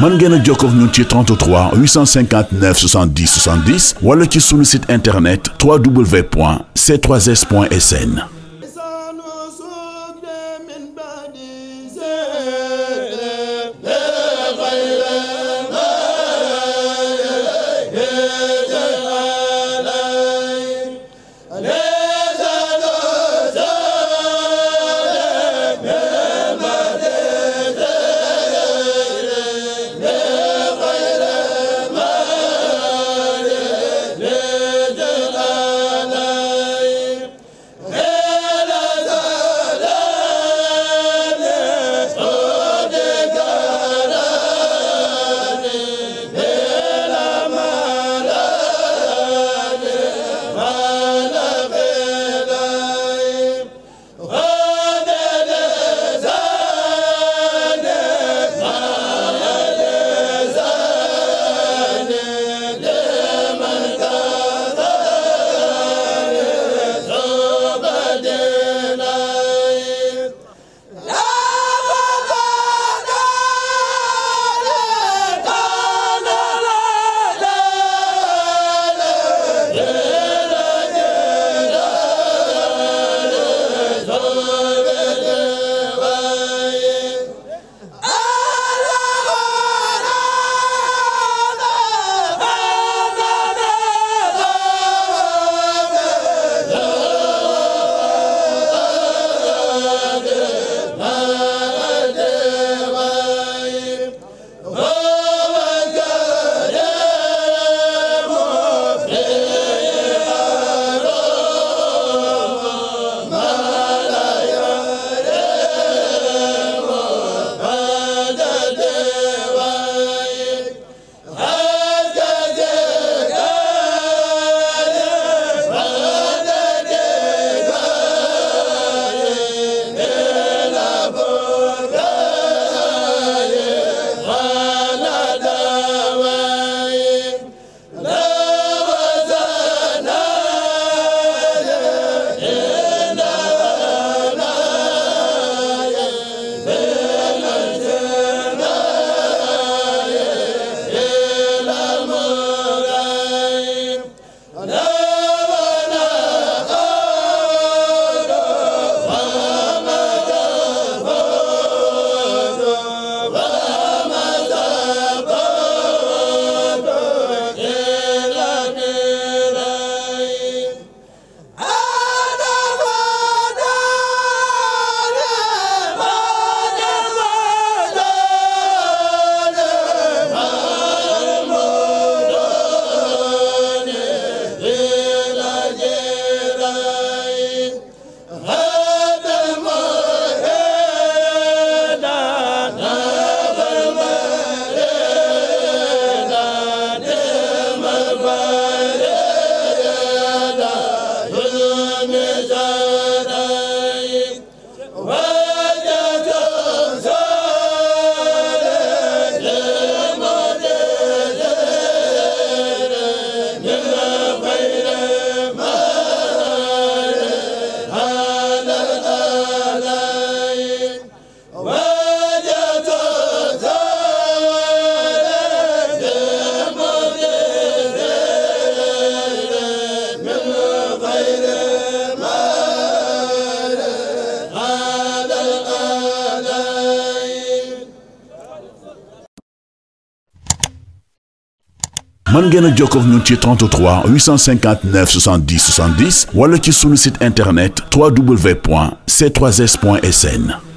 mën ngeen a jokkoo ak ñun ci 33 859 70 70 wala ci sunu site internet wwwc 3 n la mën ngeen a jokkoo ak ñun ci 33 859 70 70 wala ci sunu site internet wwwc 3 n